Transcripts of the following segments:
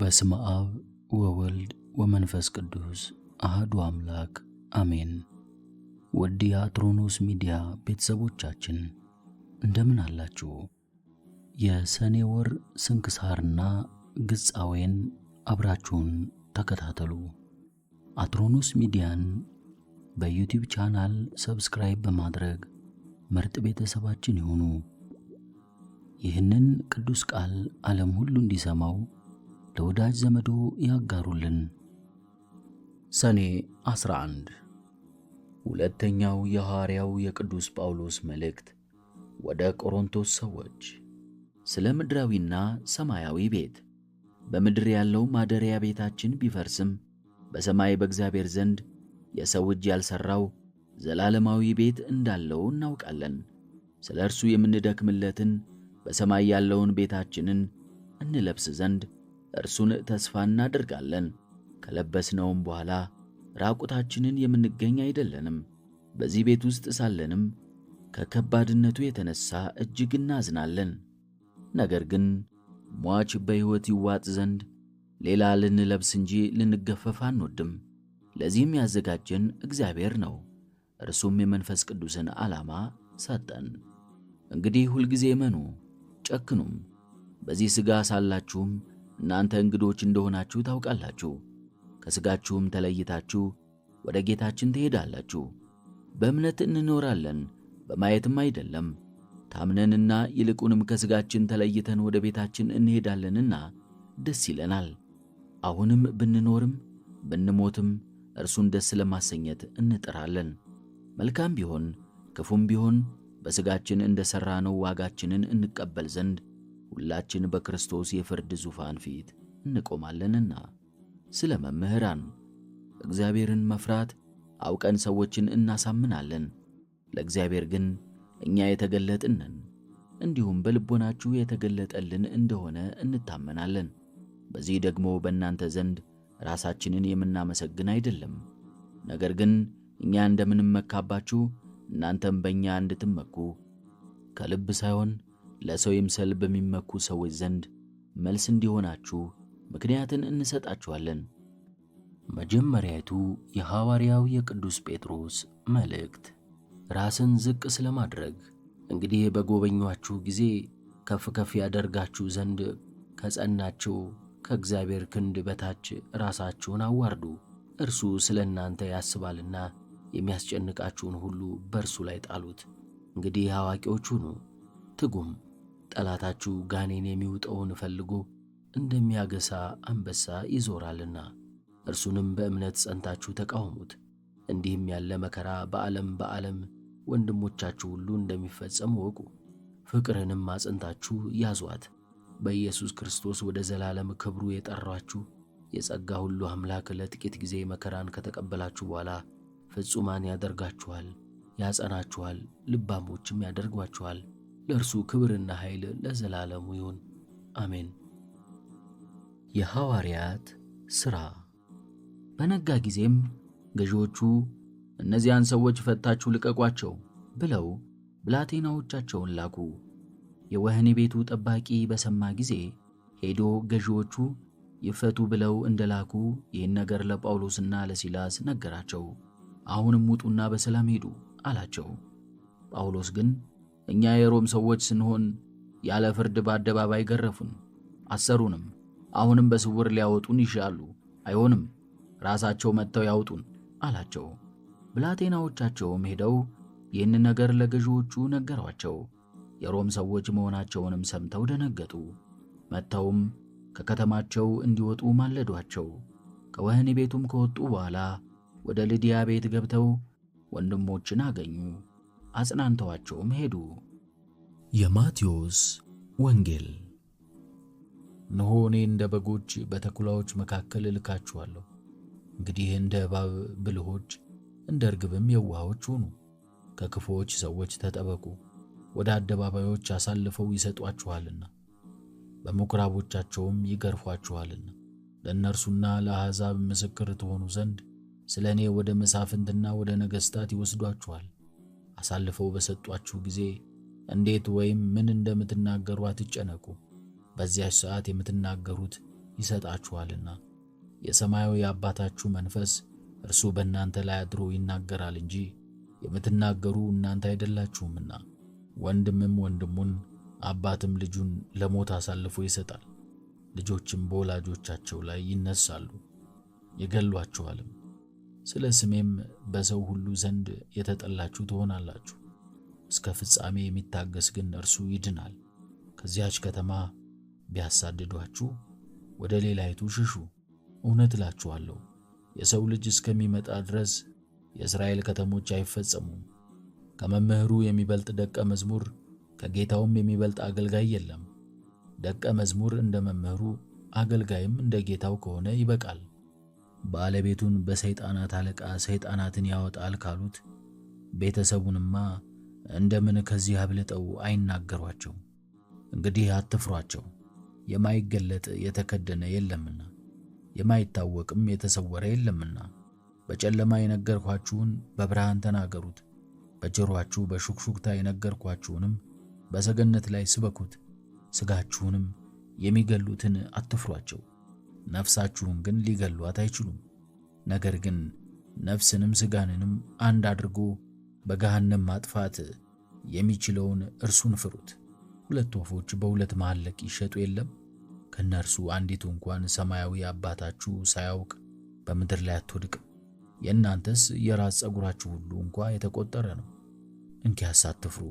በስመ አብ ወወልድ ወመንፈስ ቅዱስ አህዱ አምላክ አሜን። ውድ የአትሮኖስ ሚዲያ ቤተሰቦቻችን እንደምን አላችሁ? የሰኔ ወር ስንክሳርና ግጻዌን አብራችሁን ተከታተሉ። አትሮኖስ ሚዲያን በዩቲዩብ ቻናል ሰብስክራይብ በማድረግ ምርጥ ቤተሰባችን ይሁኑ። ይህንን ቅዱስ ቃል ዓለም ሁሉ እንዲሰማው ለወዳጅ ዘመዶ ያጋሩልን። ሰኔ 11 ሁለተኛው የሐዋርያው የቅዱስ ጳውሎስ መልእክት ወደ ቆሮንቶስ ሰዎች ስለ ምድራዊና ሰማያዊ ቤት። በምድር ያለው ማደሪያ ቤታችን ቢፈርስም በሰማይ በእግዚአብሔር ዘንድ የሰው እጅ ያልሠራው ዘላለማዊ ቤት እንዳለው እናውቃለን። ስለ እርሱ የምንደክምለትን በሰማይ ያለውን ቤታችንን እንለብስ ዘንድ እርሱን ተስፋ እናደርጋለን። ከለበስነውም በኋላ ራቁታችንን የምንገኝ አይደለንም። በዚህ ቤት ውስጥ ሳለንም ከከባድነቱ የተነሳ እጅግ እናዝናለን። ነገር ግን ሟች በሕይወት ይዋጥ ዘንድ ሌላ ልንለብስ እንጂ ልንገፈፍ አንወድም። ለዚህም ያዘጋጀን እግዚአብሔር ነው። እርሱም የመንፈስ ቅዱስን ዓላማ ሰጠን። እንግዲህ ሁልጊዜ መኑ፣ ጨክኑም። በዚህ ሥጋ ሳላችሁም እናንተ እንግዶች እንደሆናችሁ ታውቃላችሁ፣ ከሥጋችሁም ተለይታችሁ ወደ ጌታችን ትሄዳላችሁ። በእምነት እንኖራለን በማየትም አይደለም። ታምነንና ይልቁንም ከሥጋችን ተለይተን ወደ ቤታችን እንሄዳለንና ደስ ይለናል። አሁንም ብንኖርም ብንሞትም እርሱን ደስ ለማሰኘት እንጥራለን። መልካም ቢሆን ክፉም ቢሆን በሥጋችን እንደ ሠራነው ዋጋችንን እንቀበል ዘንድ ሁላችን በክርስቶስ የፍርድ ዙፋን ፊት እንቆማለንና ስለ መምህራን እግዚአብሔርን መፍራት አውቀን ሰዎችን እናሳምናለን። ለእግዚአብሔር ግን እኛ የተገለጥንን እንዲሁም በልቦናችሁ የተገለጠልን እንደሆነ እንታመናለን። በዚህ ደግሞ በእናንተ ዘንድ ራሳችንን የምናመሰግን አይደለም፣ ነገር ግን እኛ እንደምንመካባችሁ እናንተም በእኛ እንድትመኩ ከልብ ሳይሆን ለሰው ይምሰል በሚመኩ ሰዎች ዘንድ መልስ እንዲሆናችሁ ምክንያትን እንሰጣችኋለን። መጀመሪያቱ የሐዋርያው የቅዱስ ጴጥሮስ መልእክት ራስን ዝቅ ስለማድረግ። እንግዲህ በጎበኟችሁ ጊዜ ከፍ ከፍ ያደርጋችሁ ዘንድ ከጸናችሁ ከእግዚአብሔር ክንድ በታች ራሳችሁን አዋርዱ፣ እርሱ ስለ እናንተ ያስባልና የሚያስጨንቃችሁን ሁሉ በእርሱ ላይ ጣሉት። እንግዲህ አዋቂዎች ሁኑ፣ ትጉም ጠላታችሁ ጋኔን የሚውጠውን ፈልጎ እንደሚያገሳ አንበሳ ይዞራልና እርሱንም በእምነት ጸንታችሁ ተቃውሙት። እንዲህም ያለ መከራ በዓለም በዓለም ወንድሞቻችሁ ሁሉ እንደሚፈጸም ወቁ። ፍቅርንም አጽንታችሁ ያዟት። በኢየሱስ ክርስቶስ ወደ ዘላለም ክብሩ የጠራችሁ የጸጋ ሁሉ አምላክ ለጥቂት ጊዜ መከራን ከተቀበላችሁ በኋላ ፍጹማን ያደርጋችኋል፣ ያጸናችኋል፣ ልባሞችም ያደርጓችኋል ለእርሱ ክብርና ኃይል ለዘላለሙ ይሁን አሜን። የሐዋርያት ሥራ። በነጋ ጊዜም ገዢዎቹ እነዚያን ሰዎች ፈታችሁ ልቀቋቸው ብለው ብላቴናዎቻቸውን ላኩ። የወህኒ ቤቱ ጠባቂ በሰማ ጊዜ ሄዶ ገዢዎቹ ይፈቱ ብለው እንደላኩ ይህን ነገር ለጳውሎስና ለሲላስ ነገራቸው። አሁንም ውጡና በሰላም ሄዱ አላቸው። ጳውሎስ ግን እኛ የሮም ሰዎች ስንሆን ያለ ፍርድ በአደባባይ ገረፉን፣ አሰሩንም። አሁንም በስውር ሊያወጡን ይሻሉ። አይሆንም፣ ራሳቸው መጥተው ያውጡን አላቸው። ብላቴናዎቻቸውም ሄደው ይህን ነገር ለገዢዎቹ ነገሯቸው። የሮም ሰዎች መሆናቸውንም ሰምተው ደነገጡ። መጥተውም ከከተማቸው እንዲወጡ ማለዷቸው። ከወህኒ ቤቱም ከወጡ በኋላ ወደ ልዲያ ቤት ገብተው ወንድሞችን አገኙ። አጽናንተዋቸውም ሄዱ። የማቴዎስ ወንጌል እነሆ እኔ እንደ በጎች በተኩላዎች መካከል እልካችኋለሁ። እንግዲህ እንደ እባብ ብልሆች፣ እንደ ርግብም የዋሆች ሁኑ። ከክፉዎች ሰዎች ተጠበቁ፣ ወደ አደባባዮች አሳልፈው ይሰጧችኋልና በምኩራቦቻቸውም ይገርፏችኋልና ለእነርሱና ለአሕዛብ ምስክር ትሆኑ ዘንድ ስለ እኔ ወደ መሳፍንትና ወደ ነገሥታት ይወስዷችኋል። አሳልፈው በሰጧችሁ ጊዜ እንዴት ወይም ምን እንደምትናገሩ አትጨነቁ፣ በዚያች ሰዓት የምትናገሩት ይሰጣችኋልና የሰማያዊ አባታችሁ መንፈስ እርሱ በእናንተ ላይ አድሮ ይናገራል እንጂ የምትናገሩ እናንተ አይደላችሁምና። ወንድምም ወንድሙን አባትም ልጁን ለሞት አሳልፎ ይሰጣል። ልጆችም በወላጆቻቸው ላይ ይነሳሉ፣ ይገሏችኋልም ስለ ስሜም በሰው ሁሉ ዘንድ የተጠላችሁ ትሆናላችሁ። እስከ ፍጻሜ የሚታገስ ግን እርሱ ይድናል። ከዚያች ከተማ ቢያሳድዷችሁ ወደ ሌላይቱ ሽሹ። እውነት እላችኋለሁ የሰው ልጅ እስከሚመጣ ድረስ የእስራኤል ከተሞች አይፈጸሙም። ከመምህሩ የሚበልጥ ደቀ መዝሙር ከጌታውም የሚበልጥ አገልጋይ የለም። ደቀ መዝሙር እንደ መምህሩ አገልጋይም እንደ ጌታው ከሆነ ይበቃል። ባለቤቱን በሰይጣናት አለቃ ሰይጣናትን ያወጣል ካሉት ቤተሰቡንማ እንደምን ከዚህ አብልጠው አይናገሯቸው። እንግዲህ አትፍሯቸው። የማይገለጥ የተከደነ የለምና፣ የማይታወቅም የተሰወረ የለምና። በጨለማ የነገርኳችሁን በብርሃን ተናገሩት፣ በጆሮአችሁ በሹክሹክታ የነገርኳችሁንም በሰገነት ላይ ስበኩት። ሥጋችሁንም የሚገሉትን አትፍሯቸው። ነፍሳችሁን ግን ሊገሏት አይችሉም። ነገር ግን ነፍስንም ሥጋንንም አንድ አድርጎ በገሃነም ማጥፋት የሚችለውን እርሱን ፍሩት። ሁለት ወፎች በሁለት መሐለቅ ይሸጡ የለም? ከእነርሱ አንዲቱ እንኳን ሰማያዊ አባታችሁ ሳያውቅ በምድር ላይ አትወድቅም። የእናንተስ የራስ ጸጉራችሁ ሁሉ እንኳ የተቆጠረ ነው። እንኪያስ አትፍሩ፣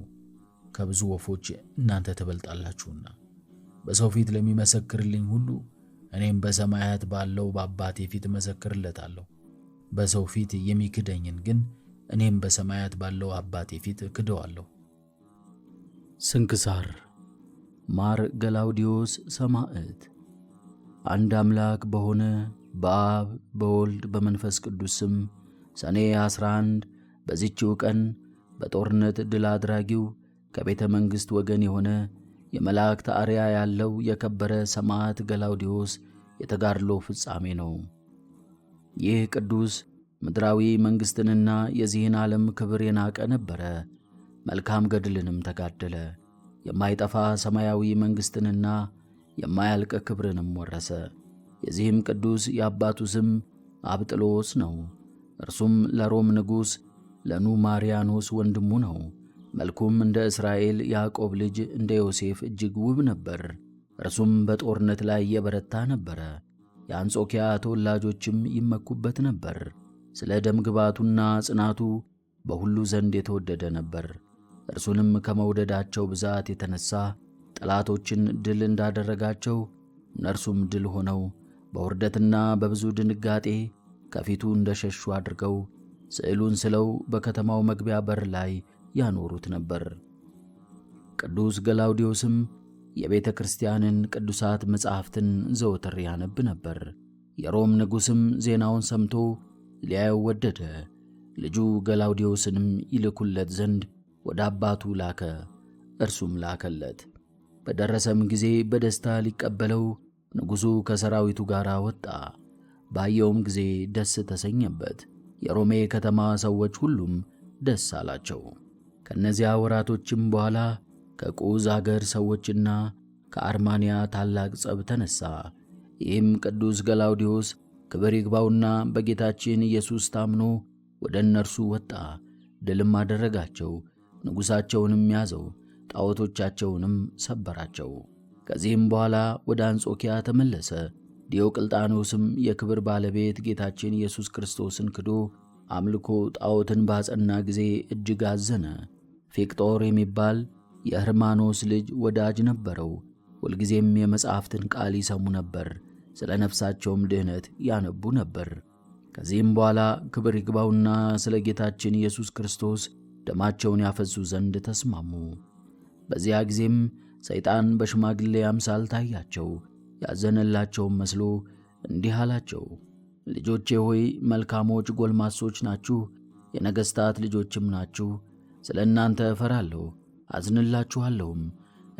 ከብዙ ወፎች እናንተ ትበልጣላችሁና። በሰው ፊት ለሚመሰክርልኝ ሁሉ እኔም በሰማያት ባለው በአባቴ ፊት እመሰክርለታለሁ። በሰው ፊት የሚክደኝን ግን እኔም በሰማያት ባለው አባቴ ፊት እክደዋለሁ። ስንክሳር ማር ገላውዲዮስ ሰማዕት። አንድ አምላክ በሆነ በአብ በወልድ በመንፈስ ቅዱስ ስም ሰኔ 11 በዚችው ቀን በጦርነት ድል አድራጊው ከቤተ መንግሥት ወገን የሆነ የመላእክት አርያ ያለው የከበረ ሰማዕት ገላውዲዮስ የተጋድሎ ፍጻሜ ነው። ይህ ቅዱስ ምድራዊ መንግሥትንና የዚህን ዓለም ክብር የናቀ ነበረ። መልካም ገድልንም ተጋደለ። የማይጠፋ ሰማያዊ መንግሥትንና የማያልቅ ክብርንም ወረሰ። የዚህም ቅዱስ የአባቱ ስም አብጥሎስ ነው። እርሱም ለሮም ንጉሥ ለኑማሪያኖስ ወንድሙ ነው። መልኩም እንደ እስራኤል ያዕቆብ ልጅ እንደ ዮሴፍ እጅግ ውብ ነበር። እርሱም በጦርነት ላይ የበረታ ነበረ። የአንጾኪያ ተወላጆችም ይመኩበት ነበር። ስለ ግባቱና ጽናቱ በሁሉ ዘንድ የተወደደ ነበር። እርሱንም ከመውደዳቸው ብዛት የተነሣ ጠላቶችን ድል እንዳደረጋቸው እነርሱም ድል ሆነው በውርደትና በብዙ ድንጋጤ ከፊቱ እንደሸሹ አድርገው ስዕሉን ስለው በከተማው መግቢያ በር ላይ ያኖሩት ነበር። ቅዱስ ገላውዲዮስም የቤተ ክርስቲያንን ቅዱሳት መጻሕፍትን ዘወትር ያነብ ነበር። የሮም ንጉሥም ዜናውን ሰምቶ ሊያየው ወደደ። ልጁ ገላውዲዮስንም ይልኩለት ዘንድ ወደ አባቱ ላከ፣ እርሱም ላከለት። በደረሰም ጊዜ በደስታ ሊቀበለው ንጉሡ ከሰራዊቱ ጋር ወጣ። ባየውም ጊዜ ደስ ተሰኘበት። የሮሜ ከተማ ሰዎች ሁሉም ደስ አላቸው። ከእነዚያ ወራቶችም በኋላ ከቁዝ አገር ሰዎችና ከአርማንያ ታላቅ ጸብ ተነሣ። ይህም ቅዱስ ገላውዲዮስ ክብር ይግባውና በጌታችን ኢየሱስ ታምኖ ወደ እነርሱ ወጣ፣ ድልም አደረጋቸው። ንጉሣቸውንም ያዘው፣ ጣዖቶቻቸውንም ሰበራቸው። ከዚህም በኋላ ወደ አንጾኪያ ተመለሰ። ዲዮቅልጣኖስም የክብር ባለቤት ጌታችን ኢየሱስ ክርስቶስን ክዶ አምልኮ ጣዖትን ባጸና ጊዜ እጅግ አዘነ። ፊቅጦር የሚባል የህርማኖስ ልጅ ወዳጅ ነበረው። ሁልጊዜም የመጽሐፍትን ቃል ይሰሙ ነበር፣ ስለ ነፍሳቸውም ድኅነት ያነቡ ነበር። ከዚህም በኋላ ክብር ይግባውና ስለ ጌታችን ኢየሱስ ክርስቶስ ደማቸውን ያፈሱ ዘንድ ተስማሙ። በዚያ ጊዜም ሰይጣን በሽማግሌ አምሳል ታያቸው። ያዘነላቸውም መስሎ እንዲህ አላቸው ልጆቼ ሆይ መልካሞች ጎልማሶች ናችሁ፣ የነገሥታት ልጆችም ናችሁ። ስለ እናንተ እፈራለሁ አዝንላችኋለሁም።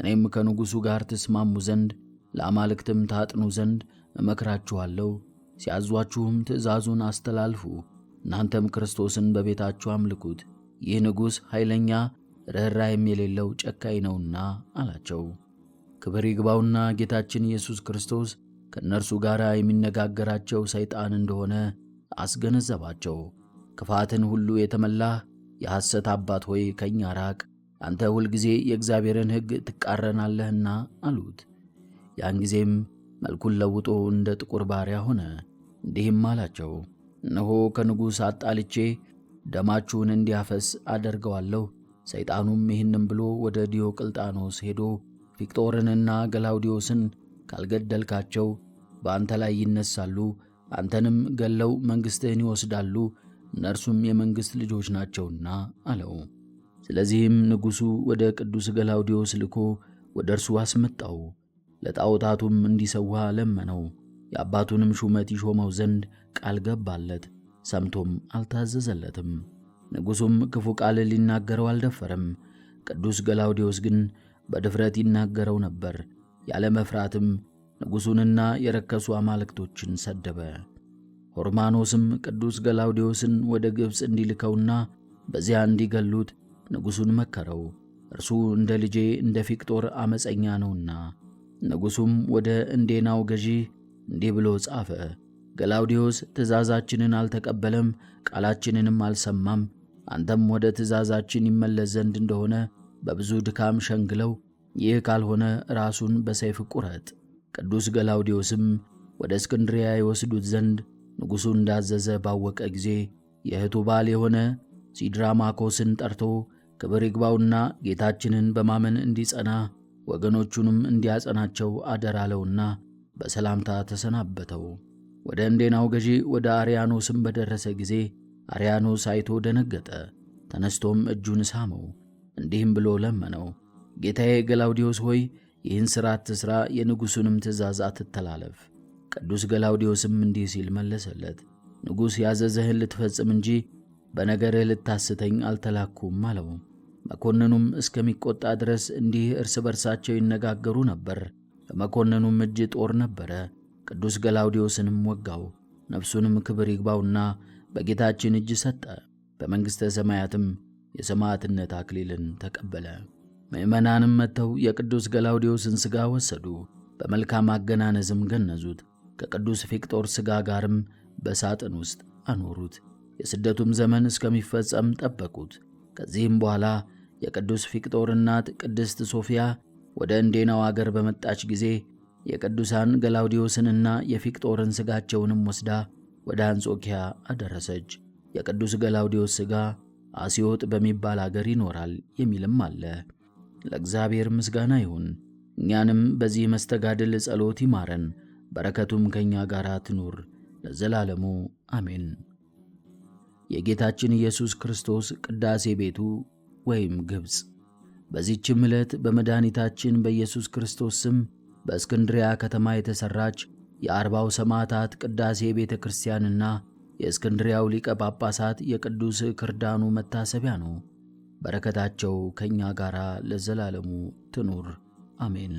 እኔም ከንጉሡ ጋር ትስማሙ ዘንድ ለአማልክትም ታጥኑ ዘንድ እመክራችኋለሁ። ሲያዟችሁም ትእዛዙን አስተላልፉ። እናንተም ክርስቶስን በቤታችሁ አምልኩት። ይህ ንጉሥ ኃይለኛ ርኅራኄም የሌለው ጨካኝ ነውና አላቸው። ክብር ይግባውና ጌታችን ኢየሱስ ክርስቶስ ከእነርሱ ጋር የሚነጋገራቸው ሰይጣን እንደሆነ አስገነዘባቸው። ክፋትን ሁሉ የተመላህ የሐሰት አባት ሆይ ከእኛ ራቅ፣ አንተ ሁልጊዜ የእግዚአብሔርን ሕግ ትቃረናለህና አሉት። ያን ጊዜም መልኩን ለውጦ እንደ ጥቁር ባሪያ ሆነ። እንዲህም አላቸው፣ እነሆ ከንጉሥ አጣልቼ ደማችሁን እንዲያፈስ አደርገዋለሁ። ሰይጣኑም ይህንም ብሎ ወደ ዲዮቅልጣኖስ ሄዶ ፊቅጦርንና ገላውዲዮስን ካልገደልካቸው በአንተ ላይ ይነሳሉ፣ አንተንም ገለው መንግሥትህን ይወስዳሉ፣ እነርሱም የመንግሥት ልጆች ናቸውና አለው። ስለዚህም ንጉሡ ወደ ቅዱስ ገላውዲዮስ ልኮ ወደ እርሱ አስመጣው። ለጣዖታቱም እንዲሰዋ ለመነው። የአባቱንም ሹመት ይሾመው ዘንድ ቃል ገባለት፣ ሰምቶም አልታዘዘለትም። ንጉሡም ክፉ ቃል ሊናገረው አልደፈረም። ቅዱስ ገላውዲዮስ ግን በድፍረት ይናገረው ነበር። ያለ መፍራትም ንጉሡንና የረከሱ አማልክቶችን ሰደበ። ሆርማኖስም ቅዱስ ገላውዴዎስን ወደ ግብፅ እንዲልከውና በዚያ እንዲገሉት ንጉሡን መከረው፣ እርሱ እንደ ልጄ እንደ ፊቅጦር ዓመፀኛ ነውና። ንጉሡም ወደ እንዴናው ገዢ እንዲህ ብሎ ጻፈ። ገላውዴዎስ ትእዛዛችንን አልተቀበለም፣ ቃላችንንም አልሰማም። አንተም ወደ ትእዛዛችን ይመለስ ዘንድ እንደሆነ በብዙ ድካም ሸንግለው ይህ ካልሆነ ራሱን በሰይፍ ቁረጥ። ቅዱስ ገላውዴዎስም ወደ እስክንድሪያ የወስዱት ዘንድ ንጉሡ እንዳዘዘ ባወቀ ጊዜ የእህቱ ባል የሆነ ሲድራማኮስን ጠርቶ ክብር ይግባውና ጌታችንን በማመን እንዲጸና ወገኖቹንም እንዲያጸናቸው አደራለውና በሰላምታ ተሰናበተው። ወደ እንዴናው ገዢ ወደ አርያኖስም በደረሰ ጊዜ አርያኖስ አይቶ ደነገጠ። ተነስቶም እጁን ሳመው፣ እንዲህም ብሎ ለመነው ጌታዬ ገላውዲዮስ ሆይ ይህን ሥራ አትሥራ፣ የንጉሡንም ትእዛዝ አትተላለፍ። ቅዱስ ገላውዲዮስም እንዲህ ሲል መለሰለት፣ ንጉሥ ያዘዘህን ልትፈጽም እንጂ በነገርህ ልታስተኝ አልተላኩም አለው። መኮንኑም እስከሚቆጣ ድረስ እንዲህ እርስ በርሳቸው ይነጋገሩ ነበር። በመኮንኑም እጅ ጦር ነበረ። ቅዱስ ገላውዲዮስንም ወጋው። ነፍሱንም ክብር ይግባውና በጌታችን እጅ ሰጠ። በመንግሥተ ሰማያትም የሰማዕትነት አክሊልን ተቀበለ። ምዕመናንም መጥተው የቅዱስ ገላውዴዎስን ሥጋ ወሰዱ፣ በመልካም አገናነዝም ገነዙት። ከቅዱስ ፊቅጦር ሥጋ ጋርም በሳጥን ውስጥ አኖሩት። የስደቱም ዘመን እስከሚፈጸም ጠበቁት። ከዚህም በኋላ የቅዱስ ፊቅጦር እናት ቅድስት ሶፊያ ወደ እንዴናው አገር በመጣች ጊዜ የቅዱሳን ገላውዴዎስንና የፊቅጦርን ሥጋቸውንም ወስዳ ወደ አንጾኪያ አደረሰች። የቅዱስ ገላውዴዎስ ሥጋ አስዮጥ በሚባል አገር ይኖራል የሚልም አለ። ለእግዚአብሔር ምስጋና ይሁን። እኛንም በዚህ መስተጋድል ጸሎት ይማረን፣ በረከቱም ከእኛ ጋር ትኑር ለዘላለሙ አሜን። የጌታችን ኢየሱስ ክርስቶስ ቅዳሴ ቤቱ ወይም ግብፅ። በዚችም ዕለት በመድኃኒታችን በኢየሱስ ክርስቶስ ስም በእስክንድሪያ ከተማ የተሠራች የአርባው ሰማዕታት ቅዳሴ ቤተ ክርስቲያንና የእስክንድሪያው ሊቀ ጳጳሳት የቅዱስ ክርዳኑ መታሰቢያ ነው። በረከታቸው ከእኛ ጋር ለዘላለሙ ትኑር አሜን።